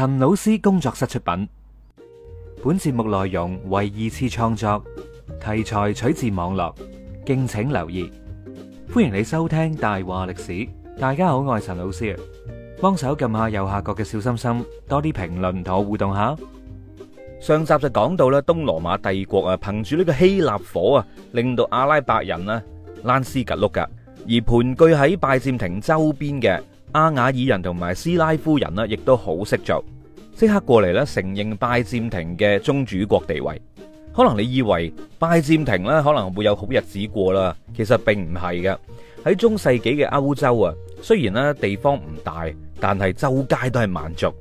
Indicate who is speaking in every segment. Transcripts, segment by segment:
Speaker 1: 陳老師工作室出品，本節目內容為二次創作，題材取自網絡，敬請留意。歡迎你收聽《大話歷史》，大家好，我係陳老師。幫手撳下右下角嘅小心心，多啲評論同我互動下。上集就講到咧，東羅馬帝國啊，憑住呢個希臘火啊，令到阿拉伯人呢爛屍趷碌噶，而盤踞喺拜占庭周邊嘅。阿瓦爾人同埋斯拉夫人啦，亦都好識做，即刻過嚟咧承認拜占庭嘅宗主國地位。可能你以為拜占庭咧可能會有好日子過啦，其實並唔係嘅。喺中世紀嘅歐洲啊，雖然咧地方唔大，但係周街都係蠻族。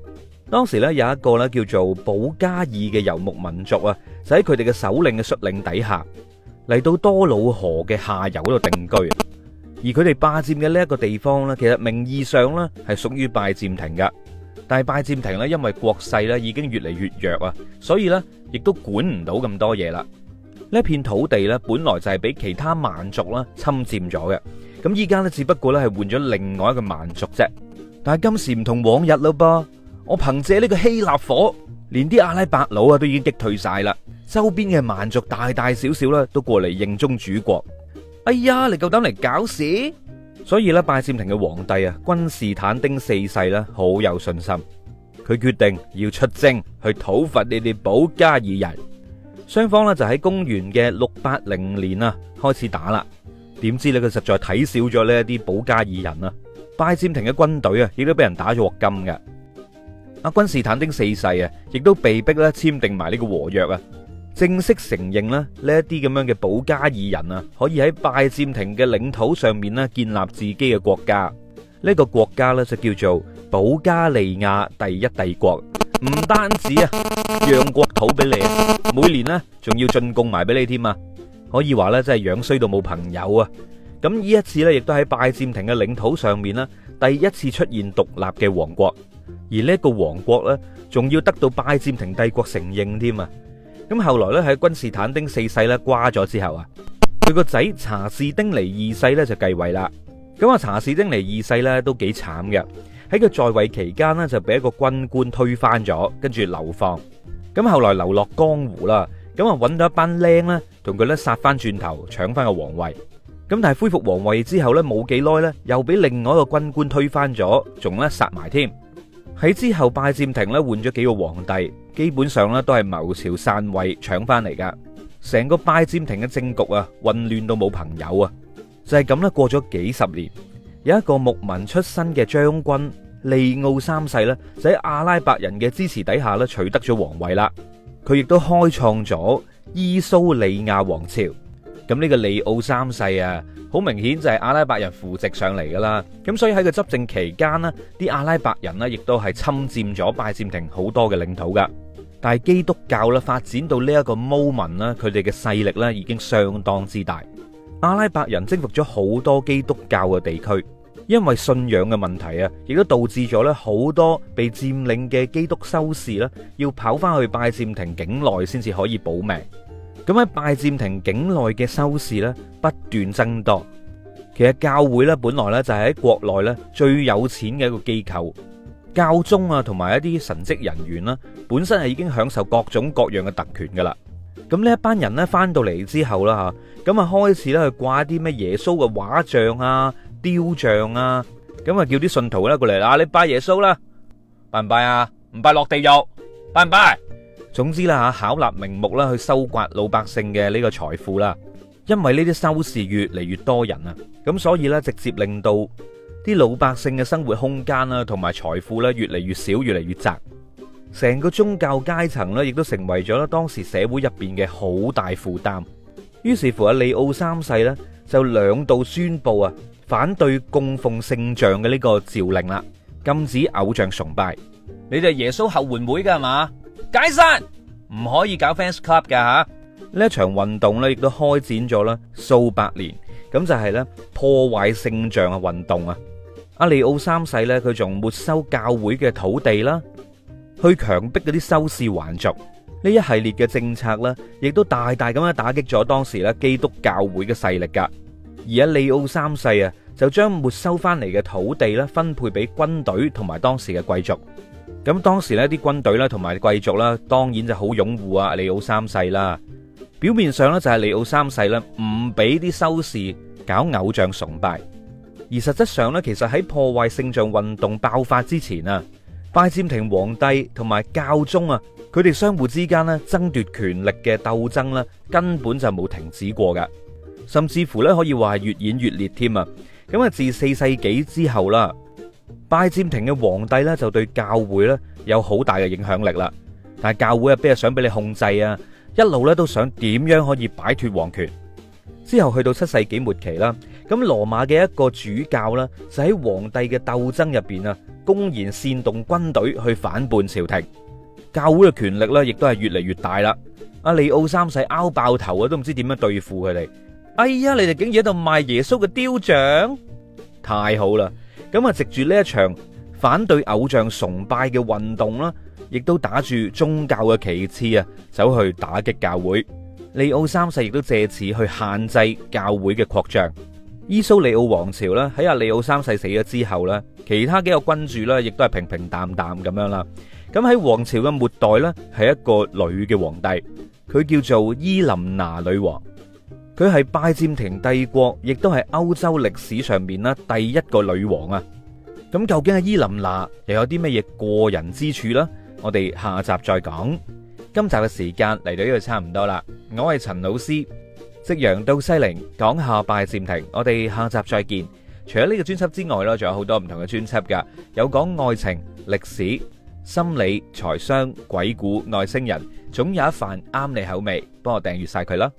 Speaker 1: 當時咧有一個咧叫做保加爾嘅游牧民族啊，就喺佢哋嘅首領嘅率領底下嚟到多瑙河嘅下游度定居。而佢哋霸佔嘅呢一個地方咧，其實名義上咧係屬於拜占庭噶，但係拜占庭咧因為國勢咧已經越嚟越弱啊，所以呢亦都管唔到咁多嘢啦。呢片土地呢，本來就係俾其他蠻族啦侵佔咗嘅，咁依家呢，只不過咧係換咗另外一個蠻族啫。但係今時唔同往日咯噃，我憑借呢個希臘火，連啲阿拉伯佬啊都已經擊退晒啦，周邊嘅蠻族大大小小咧都過嚟認宗主國。哎呀，你夠膽嚟搞事！所以咧，拜占庭嘅皇帝啊，君士坦丁四世呢，好有信心，佢決定要出征去討伐你哋保加爾人。雙方呢，就喺公元嘅六八零年啊，開始打啦。點知呢，佢實在睇少咗呢一啲保加爾人啦。拜占庭嘅軍隊啊，亦都俾人打咗鑊金嘅。阿君士坦丁四世啊，亦都被迫咧簽訂埋呢個和約啊。正式承認呢，呢一啲咁樣嘅保加爾人啊，可以喺拜占庭嘅領土上面咧建立自己嘅國家。呢個國家呢，就叫做保加利亞第一帝國。唔單止啊，讓國土俾你，每年呢，仲要進貢埋俾你添啊。可以話呢，真係樣衰到冇朋友啊。咁呢一次呢，亦都喺拜占庭嘅領土上面呢，第一次出現獨立嘅王國，而呢個王國呢，仲要得到拜占庭帝國承認添啊。咁後來咧喺君士坦丁四世咧瓜咗之後啊，佢個仔查士丁尼二世咧就繼位啦。咁啊查士丁尼二世咧都幾慘嘅，喺佢在位期間呢，就俾一個軍官推翻咗，跟住流放。咁後來流落江湖啦，咁啊揾到一班僆咧，同佢咧殺翻轉頭，搶翻個皇位。咁但係恢復皇位之後咧，冇幾耐咧，又俾另外一個軍官推翻咗，仲咧殺埋添。喺之後拜占庭咧換咗幾個皇帝。基本上咧都係謀朝篡位搶翻嚟噶成個拜占庭嘅政局啊混亂到冇朋友啊，就係咁啦。過咗幾十年，有一個牧民出身嘅將軍利奧三世呢，就喺阿拉伯人嘅支持底下咧取得咗皇位啦，佢亦都開創咗伊蘇里亞王朝。咁呢個利奧三世啊，好明顯就係阿拉伯人扶植上嚟噶啦。咁所以喺佢執政期間呢，啲阿拉伯人呢亦都係侵占咗拜占庭好多嘅領土噶。但係基督教咧發展到呢一個 moment 呢，佢哋嘅勢力呢已經相當之大。阿拉伯人征服咗好多基督教嘅地區，因為信仰嘅問題啊，亦都導致咗呢好多被佔領嘅基督修士呢，要跑翻去拜占庭境內先至可以保命。咁喺拜占庭境內嘅修士咧，不斷增多，其實教會咧本來咧就係喺國內咧最有錢嘅一個機構，教宗啊同埋一啲神職人員啦，本身係已經享受各種各樣嘅特權噶啦。咁呢一班人咧返到嚟之後啦吓，咁啊開始咧去掛一啲咩耶穌嘅畫像啊、雕像啊，咁啊叫啲信徒咧過嚟啦，你拜耶穌啦，拜唔拜啊？唔拜落地獄，拜唔拜？總之啦，吓巧立名目啦，去收刮老百姓嘅呢個財富啦。因為呢啲收視越嚟越多人啊，咁所以呢直接令到啲老百姓嘅生活空間啊，同埋財富咧越嚟越少，越嚟越窄。成個宗教階層呢，亦都成為咗當時社會入邊嘅好大負擔。於是乎，阿利奧三世呢，就兩度宣布啊，反對供奉聖像嘅呢個詔令啦，禁止偶像崇拜。你哋耶穌後援會嘅係嘛？解散，唔可以搞 fans club 噶吓！呢一場運動咧，亦都開展咗啦數百年。咁就係咧破壞聖像嘅運動啊。阿利奧三世咧，佢仲沒收教會嘅土地啦，去強迫嗰啲收視還俗呢一系列嘅政策啦，亦都大大咁樣打擊咗當時咧基督教會嘅勢力噶。而阿利奧三世啊，就將沒收翻嚟嘅土地咧，分配俾軍隊同埋當時嘅貴族。咁當時呢啲軍隊啦，同埋貴族啦，當然就好擁護啊利奧三世啦。表面上呢，就係利奧三世呢唔俾啲修士搞偶像崇拜，而實質上呢，其實喺破壞聖像運動爆發之前啊，拜占庭皇帝同埋教宗啊，佢哋相互之間呢爭奪權力嘅鬥爭呢，根本就冇停止過噶，甚至乎呢，可以話係越演越烈添啊。咁啊，自四世紀之後啦。拜占庭嘅皇帝咧就對教會咧有好大嘅影響力啦，但係教會啊邊係想俾你控制啊，一路咧都想點樣可以擺脫皇權。之後去到七世紀末期啦，咁羅馬嘅一個主教咧就喺皇帝嘅鬥爭入邊啊，公然煽動軍隊去反叛朝廷，教會嘅權力咧亦都係越嚟越大啦。阿利奧三世拗爆頭啊，都唔知點樣對付佢哋。哎呀，你哋竟然喺度賣耶穌嘅雕像，太好啦！咁啊，藉住呢一場反對偶像崇拜嘅運動啦，亦都打住宗教嘅旗幟啊，走去打擊教會。利奧三世亦都借此去限制教會嘅擴張。伊蘇里奧王朝啦，喺阿利奧三世死咗之後咧，其他幾個君主咧，亦都係平平淡淡咁樣啦。咁喺王朝嘅末代咧，係一個女嘅皇帝，佢叫做伊琳娜女王。佢係拜占庭帝國，亦都係歐洲歷史上面啦，第一個女王啊！咁究竟阿伊琳娜又有啲乜嘢過人之處呢？我哋下集再講。今集嘅時間嚟到呢度差唔多啦。我係陳老師，夕陽到西陵講下拜占庭。我哋下集再見。除咗呢個專輯之外呢，仲有好多唔同嘅專輯噶，有講愛情、歷史、心理、財商、鬼故、外星人，總有一番啱你口味。幫我訂閱晒佢啦！